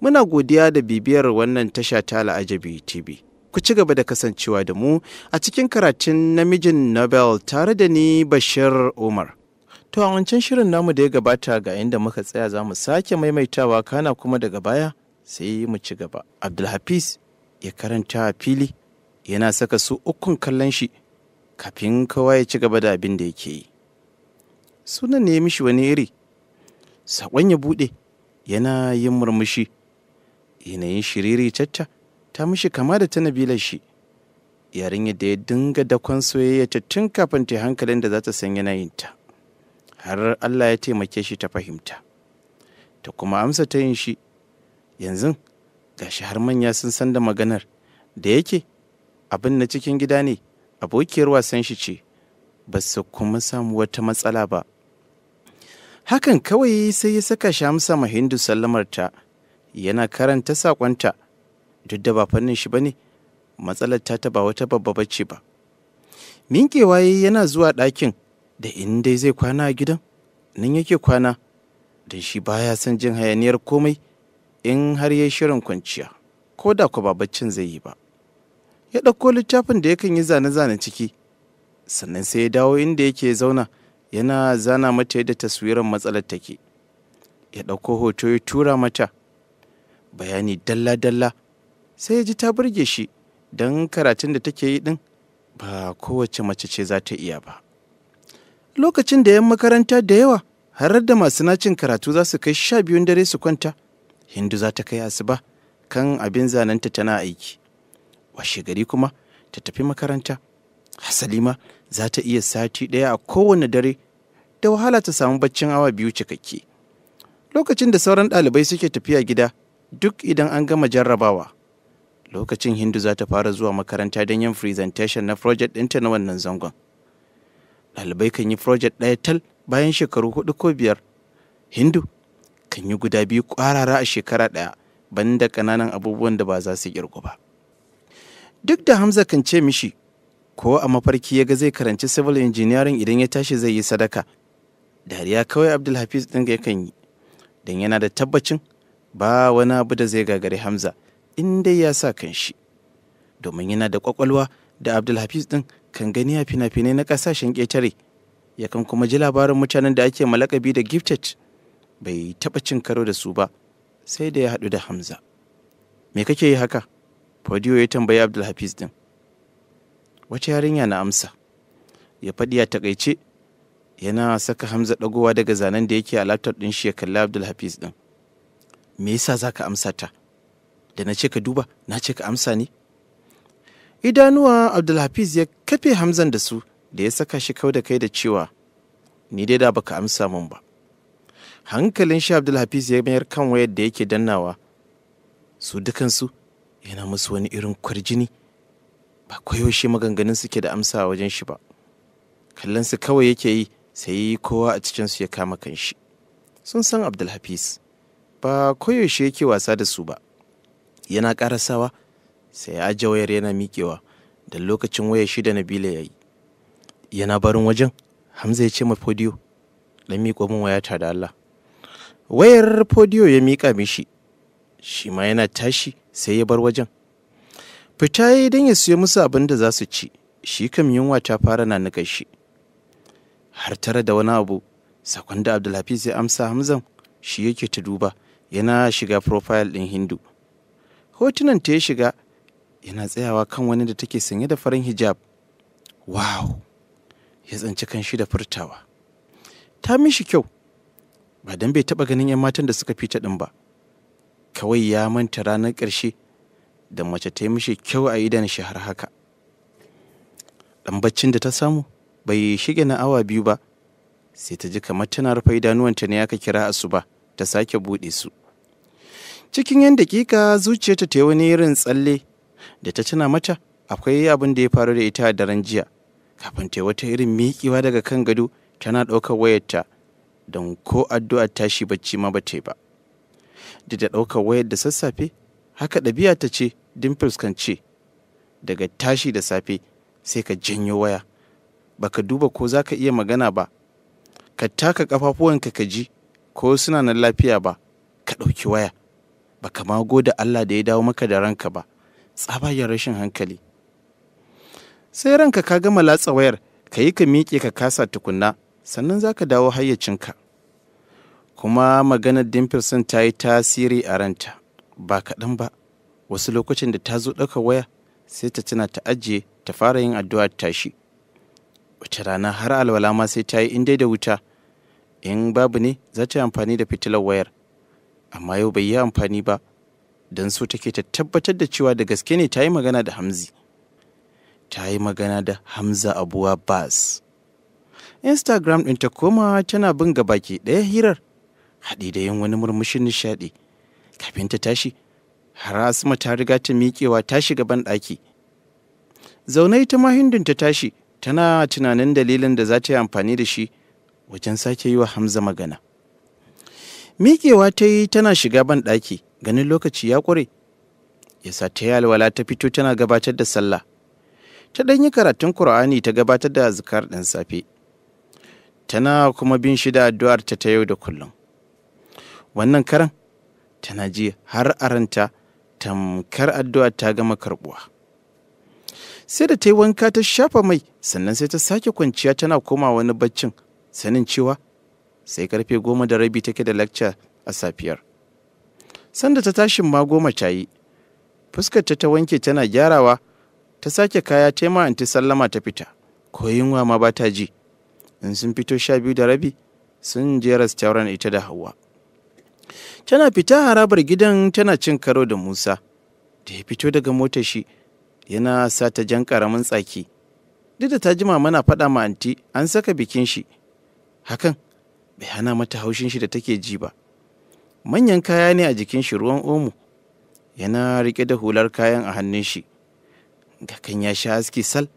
Muna godiya da bibiyar wannan tasha ta Al'ajabi TV. Ku ci gaba da kasancewa da mu a cikin karatun namijin Nobel tare da ni Bashir Umar. To a wancan shirin namu da ya gabata ga inda muka tsaya za mu sake maimaitawa kana kuma daga baya sai mu ci gaba. Abdulhafiz ya karanta a fili yana saka su ukun kallon shi kafin kowa ya ci gaba da abin da yake yi. Sunan ne ya mishi wani iri, saƙon ya buɗe yana yin murmushi yanayin shiriri cacca ta mishi kama da ta nabilar shi yarin da ya dinga dakon soyayya ta tun kafin ta hankalin da za ta san yanayinta har Allah ya taimake shi ta fahimta ta kuma amsa ta yin shi yanzu gashi har manya sun san da maganar da yake abin na cikin gida ne abokiyar wasan shi ce ba su kuma samu wata matsala ba hakan kawai sai ya saka shamsa mahindu ta. yana karanta saƙonta duk da ba fannin shi ba ne matsalar ta ba wata babba bacci ba minkewa yana zuwa ɗakin da in dai zai kwana a gidan nan yake kwana don shi baya son jin hayaniyar komai in har ya shirin kwanciya ko da ku ba zai yi ba ya ɗauko littafin da yakan yi zane-zane ciki sannan sai ya dawo inda yake zauna yana zana mata yadda taswirar matsalar take ya ɗauko hoto ya tura mata bayani dalla-dalla sai ya ji ta burge shi don karatun da take yi din, ba kowace mace ce za ta iya ba. Lokacin da 'yan makaranta da yawa har da masu nacin karatu za su kai sha biyun dare su kwanta, Hindu za ta kai asuba kan abin zananta tana aiki. Washe gari kuma ta tafi makaranta. Hasalima za ta iya sati ɗaya a kowane dare da wahala ta samu baccin awa biyu cikakke. Lokacin da sauran ɗalibai suke tafiya gida, duk idan an gama jarrabawa lokacin hindu za ta fara zuwa makaranta don yin presentation na project ɗinta na wannan zangon ɗalibai kan yi project ɗaya tal bayan shekaru hudu ko biyar hindu kan yi guda biyu ƙwarara a shekara ɗaya da ƙananan abubuwan da ba za su girgu ba duk da hamza kan ce mishi ko a mafarki ya ga zai karanci civil engineering idan ya tashi zai yi sadaka dariya kawai abdulhafiz ɗin yakan yi don yana da tabbacin ba wani abu da zai gagari hamza in dai ya sa kan shi domin yana da kwakwalwa da abdulhafiz ɗin kan gani a fina-finai na kasashen ƙetare yakan kuma ji labarin mutanen da ake malakabi da gifted bai taɓa cin karo da su ba sai da ya haɗu da hamza me kake yi haka fodiyo ya tambayi abdulhafiz ɗin. wace yarinya na amsa ya faɗi ya taƙaice. yana saka hamza ɗagowa daga zanen da yake a laptop ɗin shi ya kalli abdulhafiz ɗin. me yasa za ka amsa ta da na ce ka duba na ce ka amsa ne idanuwa abdulhafiz ya kafe hamzan da su da ya saka shi kau da kai da cewa ni dai da baka amsa mun ba hankalin shi abdulhafiz ya mayar kan wayar da yake dannawa su dukansu yana musu wani irin kwarjini ba shi maganganun suke da amsa wajen shi ba kallon su kawai yake yi sai kowa a cikinsu ya kama kanshi sun san abdulhafiz ba koyaushe yake wasa da su ba yana karasawa sai ya wayar yana miƙewa da lokacin wayar shida na bile ya yi yana barin wajen hamza ya ce ma fodiyo dan miƙo min wayata da allah wayar fodiyo ya miƙa mishi shi ma yana tashi sai ya bar wajen fita ya yi don ya siyo musu abin da za su ci shi kam yunwa ta fara na nika shi har tare da wani abu sakon da abdulhafiz ya amsa hamzan shi yake ta duba yana shiga profile ɗin hindu hotunan ta ya shiga yana tsayawa kan wani da take sanye da farin hijab wow ya tsanci kan shi da furtawa ta mishi kyau ba don bai taɓa ganin 'yan matan da suka fita ɗin ba kawai ya manta ranar ƙarshe da mace ta yi mishi kyau a idan shi har haka ɗan baccin da ta samu bai shige na awa biyu ba sai ta ji kamar tana rufe idanuwanta ne aka kira asuba ta sake buɗe su cikin yan dakika zuciyarta ta yi wani irin tsalle da ta tuna mata akwai abin da ya faru da ita a daren jiya kafin ta wata irin miƙewa daga kan gado tana ɗaukar wayarta don ko addu'ar tashi bacci ma ba ta ba da ta ɗaukar wayar da sassafe haka ɗabi'a ta ce din kan daga tashi da safe sai ka janyo waya baka duba ko za ka iya magana ba ka taka ƙafafuwanka ka ji ko suna nan lafiya ba ka ɗauki waya ba ka ma da Allah da ya dawo maka da ranka ba tsabayar rashin hankali sai ranka ka gama latsa wayar ka yi ka miƙe ka kasa tukunna sannan za ka dawo hayyacinka kuma maganar dimpilson ta yi tasiri a ranta ba kaɗan ba wasu lokacin da ta zo ɗaukar waya sai ta tana ta ajiye ta fara yin addu'a tashi wata rana har alwala ma sai ta yi in da wuta in babu ne za ta yi amfani da fitilar wayar amma yau bai yi amfani ba don so take ta tabbatar da cewa da gaske ne ta yi magana da hamzi ta yi magana da hamza abuwa bas instagram ɗin ta koma tana bin gaba ke ɗaya hirar haɗi da yin wani murmushin nishaɗi kafin ta tashi har asma ta riga ta miƙewa ta shiga ban ɗaki zaune ita ma hindun ta tashi tana tunanin dalilin da za ta yi amfani da shi wajen sake yi wa Hamza magana. Miƙewa ta yi tana shiga ban ɗaki ganin lokaci ya ƙure. Ya sa ta yi alwala ta fito tana gabatar da sallah. Ta ɗan yi karatun Kur'ani ta gabatar da azkar ɗin safe. Tana kuma bin shi da addu'ar ta ta yau da kullum. Wannan karan tana ji har aranta tamkar addu'a ta gama karɓuwa. sai da ta yi wanka ta shafa mai sannan sai ta sake kwanciya tana koma wani baccin sanin cewa sai karfe goma da rabi take da lacca a safiyar sanda ta tashin ma goma ta yi fuskar ta ta wanke tana gyarawa ta sake kaya taima anti sallama ta fita ko yunwa ma ba ta ji in sun fito sha biyu da rabi sun je restaurant ita da hawa tana fita harabar gidan tana cin karo da musa da ya fito daga motar shi yana sa ta jan karamin tsaki duk da ta jima mana faɗa ma anti an saka bikin shi hakan bai hana mata haushin shi da take ji ba manyan kaya ne a jikin shi ruwan omo yana rike da hular kayan a hannun shi gakan ya sha aski sal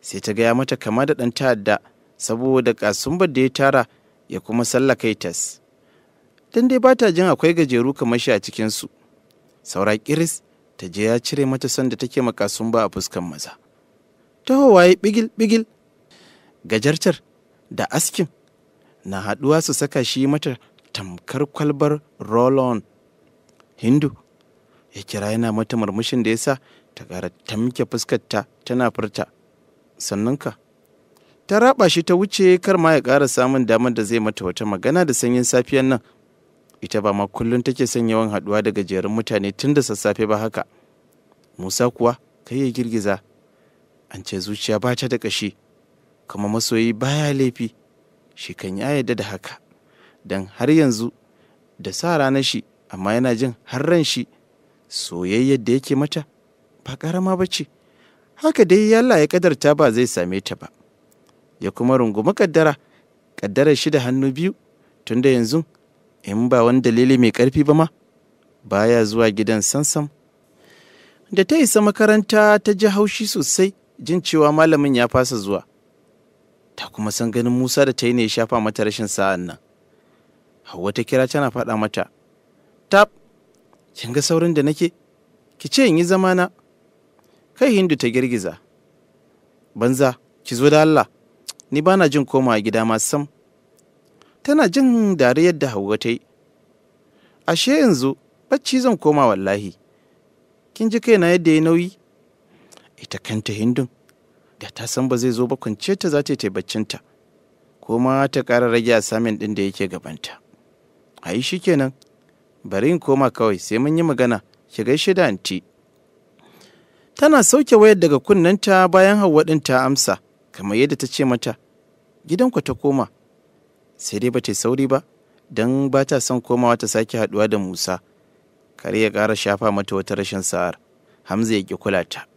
sai ta gaya mata kama da ɗan ta'adda saboda kasumbar da ya tara ya kuma kai tas don dai ba ta jin akwai gajeru kamar shi a cikinsu saura kiris ta je ya cire mata son da take ma kasumba a fuskan maza ta hawaye bigil bigil gajartar da askin na haɗuwa su saka shi mata tamkar kwalbar rolon hindu ya kira yana mata murmushin da ya sa ta ƙara tamke fuskarta tana furta sannan ka ta raba shi ta wuce kar ma ya ƙara samun damar da zai mata wata magana da sanyin safiyan nan ita ba ma kullum take son yawan haɗuwa da gajerun mutane tun da sassafe ba haka musa kuwa kai ya girgiza an ce zuciya ba ta da ƙashi kuma masoyi baya laifi shi kan ya yarda da haka don har yanzu da sa ranar shi amma yana jin har ran shi soyayyar da yake mata ba ƙarama ba ce haka dai yalla ya kadarta ba zai same ta ba ya kuma rungumi kaddara kaddarar shi da hannu biyu tunda yanzu in ba wani dalili mai ƙarfi ba ma baya zuwa gidan sansam da ta isa makaranta ta ji haushi sosai jin cewa malamin ya fasa zuwa ta kuma san ganin Musa da ta yi ne ya shafa mata rashin sa'an nan. Hauwa ta kira tana faɗa mata, Tap, kin ga saurin da nake, ki ce in yi zamana. Kai Hindu ta girgiza, banza, ki zo da Allah, ni ba na jin koma gida ma sam. Tana jin dariyar yadda Hauwa ta yi. Ashe yanzu, bacci zan koma wallahi. Kin ji na yadda ya nauyi? Ita kanta Hindun, da ta san ba zai zo ba kwance ta za ta yi baccinta ma ta ƙara rage asamin ɗin da yake gabanta a yi kenan bari in koma kawai sai mun yi magana ki gaishe da anti tana sauke wayar daga kunnenta bayan hawa ɗin ta amsa kamar yadda ta ce mata gidanku ta koma sai dai ba ta sauri ba Dan ba ta son komawa ta sake haɗuwa da musa kare ya ƙara shafa mata wata rashin sa'ar hamza ya ƙi kula ta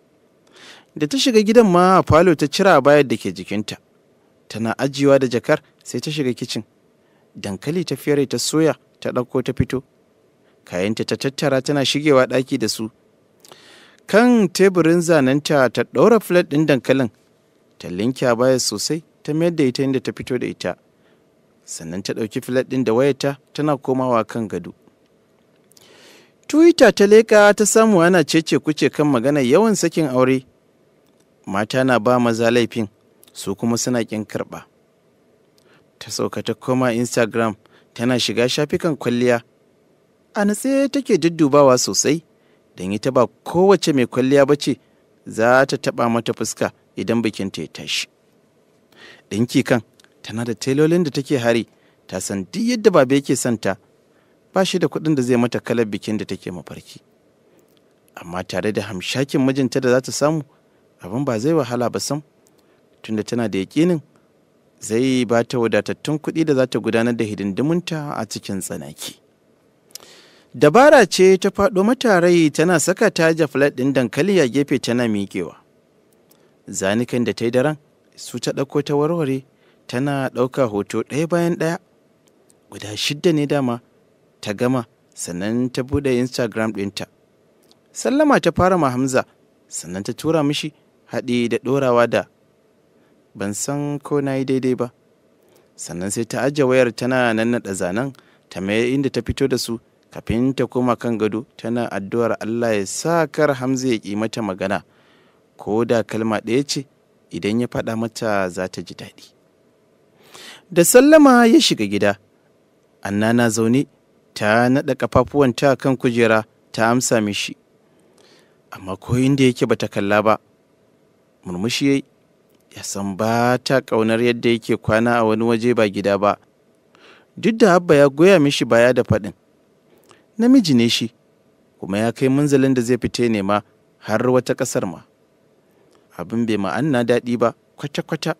da ta shiga gidan ma falo ta cira bayar da ke jikinta tana ajiyewa da jakar sai ta shiga kicin dankali ta fere ta soya ta ɗauko ta fito kayanta ta tattara tana shigewa ɗaki da su kan teburin zanenta ta ɗaura flat ɗin dankalin ta linka baya sosai ta mayar da ita inda ta fito da ita sannan ta ɗauki flat ɗin da wayarta tana komawa kan gado twitter ta leƙa ta samu ana cece kuce kan magana yawan sakin aure mata na ba maza laifin su kuma suna ƙin karɓa ta sauka ta koma instagram tana shiga shafikan kwalliya a natse take duddubawa sosai don ita ba kowace mai kwalliya ba ce za ta taɓa mata fuska idan bikinta ya tashi ɗinki kan tana da tailolin da take hari ta san duk yadda babe yake santa ba shi da kuɗin da zai mata kalar bikin da take mafarki amma tare da hamshakin mijinta da za ta samu abin ba zai wahala ba sam tunda tana da yaƙinin zai ba ta wadatattun kuɗi da za ta gudanar da hidindimunta a cikin tsanaki dabara ce ta faɗo mata rai tana saka ta jafilat ɗin dankali a gefe tana miƙewa zanikan da ta yi daren su ta ɗauko ta warware tana ɗauka hoto ɗaya bayan ɗaya guda shidda ne dama ta gama sannan ta buɗe instagram ɗinta sallama ta fara ma hamza sannan ta tura mishi haɗi da ɗorawa da ban san ko na yi daidai ba sannan sai ta ajiye wayar tana nannaɗa zanen ta mai inda ta fito da su kafin ta koma kan gado tana addu'ar allah ya sa kar hamza ya ƙi mata magana ko da kalma ɗaya ce idan ya faɗa mata za ta ji daɗi da sallama ya shiga gida anna na zaune ta naɗa ta kan kujera ta amsa mishi amma ko inda yake bata kalla ba murmushi ya ya san ba ta ƙaunar yadda yake kwana a wani waje ba gida ba duk da abba ya goya mishi baya da faɗin namiji ne shi kuma ya kai munzalin da zai fite nema har wata ƙasar ma abin bai ma'anna daɗi ba kwata-kwata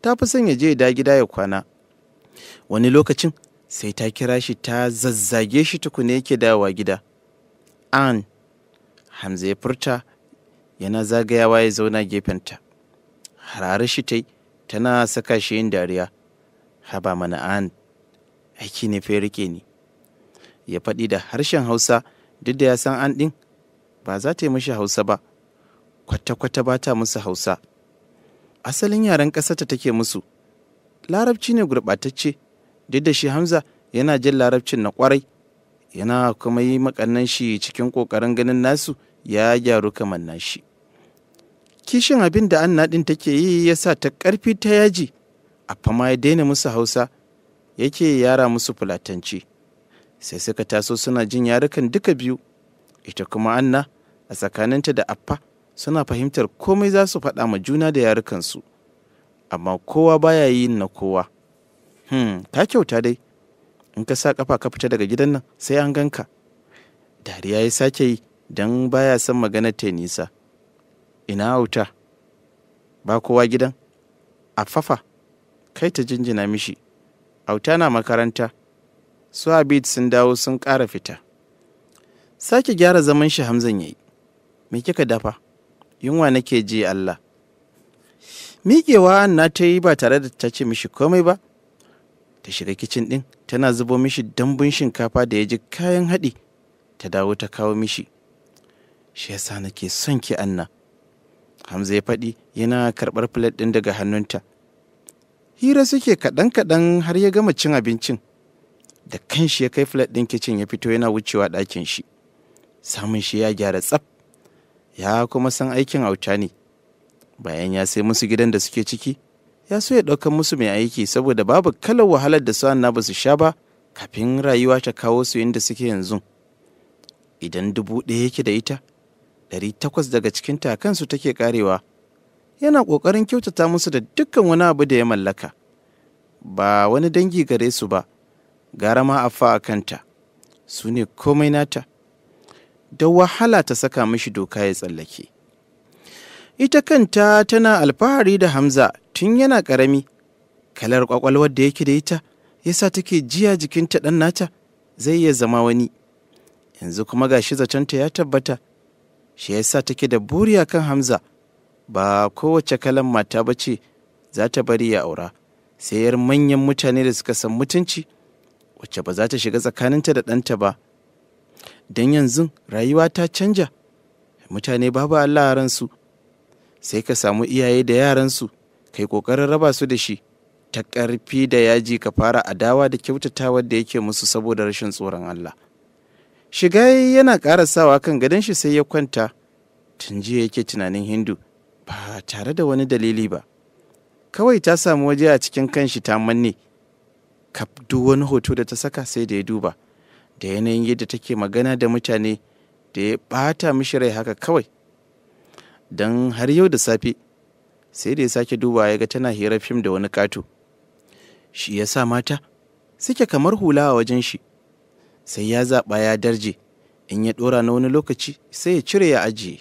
ta fi son ya je da gida ya kwana wani lokacin sai ta kira shi ta zazzage shi tukune yake dawowa gida an hamza ya furta yana zagayawa ya zauna gefenta harare shi ta tana saka shi yin dariya haba mana an aiki ne fa rike ni ya faɗi da harshen hausa duk da ya san an ɗin ba za ta yi mishi hausa ba kwata-kwata ba ta musu hausa asalin yaren ƙasarta take musu larabci ne gurɓatacce duk da shi hamza yana jin larabcin na kwarai yana kuma yi makannan shi cikin ƙoƙarin ganin nasu ya gyaru kamar nashi kishin abin da anna ɗin take yi ya sa ta ƙarfi ta yaji a fama ya daina musu hausa yake yara musu fulatanci sai suka taso suna jin yarukan duka biyu ita kuma anna a tsakaninta da affa suna fahimtar komai za su faɗa ma juna da yarukansu amma kowa baya yi na kowa hmm ka kyauta dai in ka sa kafa ka fita daga gidan nan sai an ganka dariya ya sake yi don baya son maganar ta nisa ina wuta ba kowa gidan fafa. kai ta jinjina mishi auta na makaranta su abid sun dawo sun ƙara fita sake gyara zaman shi hamzan yayi me kika dafa yunwa nake ji allah miƙewa na ta yi ba tare da ta ce mishi komai ba ta shiga kicin ɗin tana zubo mishi dambun shinkafa da ya ji kayan haɗi ta dawo ta kawo mishi shi yasa nake son ki annan. Hamza ya faɗi yana karɓar filet ɗin daga hannunta. Hira suke kaɗan-kaɗan har ya gama cin abincin. Da kan shi ya kai filet ɗin kicin ya fito yana wucewa ɗakin shi. Samun shi ya gyara tsaf. Ya kuma san aikin auta ne. Bayan ya sai musu gidan da suke ciki, ya so ya ɗaukar musu mai aiki saboda babu kalar wahalar da sa'an na ba su sha ba kafin rayuwa ta kawo su inda suke yanzu. Idan dubu ɗaya yake da ita, 800 daga cikin takansu take karewa yana ƙoƙarin kyautata musu da dukkan wani abu da ya mallaka ba wani dangi gare su ba gara ma a fa kanta su ne komai nata da wahala ta saka mishi doka ya tsallake ita kanta tana alfahari da hamza tun yana ƙarami kalar ƙwaƙwalwar da yake da ita ya sa take jiya jikinta ɗan nata zai iya zama wani yanzu kuma gashi zatonta ya tabbata shi yasa take da buri a kan hamza ba kowace kalan mata ba ce za ta bari ya aura sai yar manyan mutane da suka san mutunci wacce ba za ta shiga tsakaninta da ɗanta ba don yanzu rayuwa ta canja mutane babu allah ransu sai ka samu iyaye da yaransu kai ƙoƙarin raba su da shi ta ƙarfi da yaji ka fara adawa da kyautatawa da yake musu saboda rashin tsoron allah shiga yana sawa kan gadon shi sai ya kwanta tun jiya yake tunanin hindu ba tare da wani dalili ba kawai ta samu waje a cikin kanshi ta manne kaf duk wani hoto da ta saka sai da ya duba da yanayin yadda take magana da mutane da ya bata mishi rai haka kawai don har yau da safe sai da ya sake duba ya ga tana hira fim da wani kato shi ya sa mata suke kamar hula a wajen shi sai ya zaɓa ya darje in ya ɗora na wani lokaci sai ya cire ya ajiye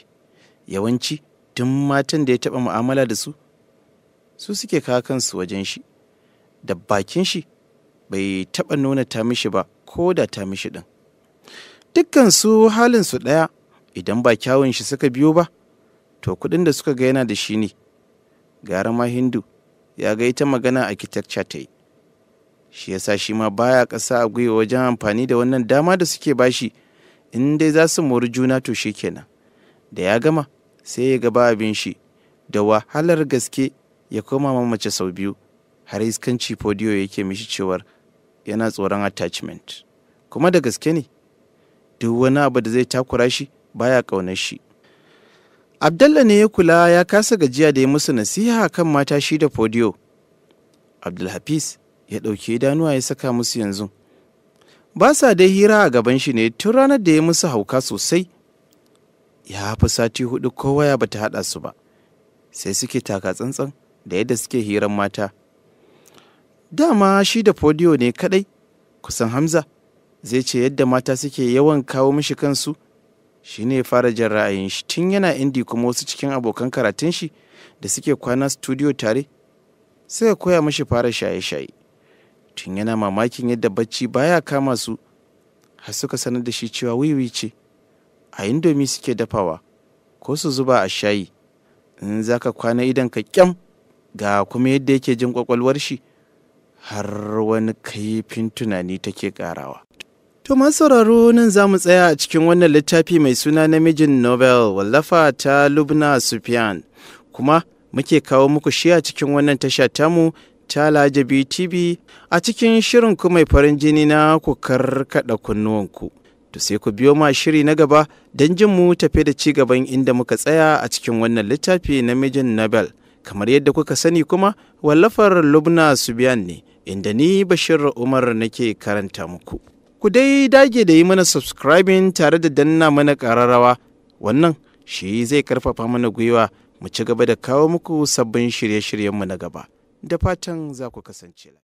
yawanci tun matan da ya taɓa mu'amala da su su suke kawo kansu wajen shi da bakin shi bai taɓa nuna ta mishi ba ko da ta mishi ɗin dukkan su halin su ɗaya idan ba kyawun shi suka biyo ba to kuɗin da suka ga yana da shi ne gara ma hindu ya ga ita magana a ta yi shi yasa shi ma baya ƙasa a gwiwa wajen amfani da wannan dama da suke bashi in dai za su mori juna to shi kenan da ya gama sai ya gaba abin shi da wahalar gaske ya koma ma mace sau biyu har iskanci podiyo yake mishi cewar yana tsoron attachment kuma da gaske ne duk wani abu da zai takura shi baya ƙaunar shi abdallah ne ya kula ya kasa gajiya da ya musu nasiha kan mata shi da podiyo abdulhafiz ya ɗauke danuwa ya saka musu yanzu ba sa dai hira a gaban shi ne tun ranar da ya musu hauka sosai ya hafi sati hudu kowa ya bata ta haɗa su ba sai suke taka tsantsan da yadda suke hiran mata dama shi da fodiyo ne kaɗai kusan hamza zai ce yadda mata suke yawan kawo mishi kansu shi ne fara jin ra'ayin shi tun yana indi kuma wasu cikin abokan karatun shi da suke kwana studio tare sai koya mishi fara shaye-shaye tun yana mamakin yadda bacci baya kama su har suka sanar da shi cewa wiwi ce a indomi suke dafawa ko su zuba a shayi in za ka kwana idan ka kyam ga kuma yadda yake jin kwakwalwar shi har wani kaifin tunani take karawa To sauraro nan za mu tsaya a cikin wannan littafi mai suna namijin Nobel wallafa ta Lubna Sufyan kuma muke kawo muku shi a cikin wannan tasha tamu Chala Jabi TV a cikin shirin ku mai farin jini na ku karkada kunnuwanku. To sai ku biyo ma shiri na gaba don jin mu tafe da ci gaban inda muka tsaya a cikin wannan littafi na mijin Nobel. Kamar yadda kuka sani kuma wallafar Lubna Subiyan ne inda ni Bashir Umar nake karanta muku. Ku dai dage da yi mana subscribing tare da danna mana ƙararrawa. Wannan shi zai karfafa mana gwiwa mu ci gaba da kawo muku sabbin shirye-shiryenmu na gaba. da fatan za ku kasance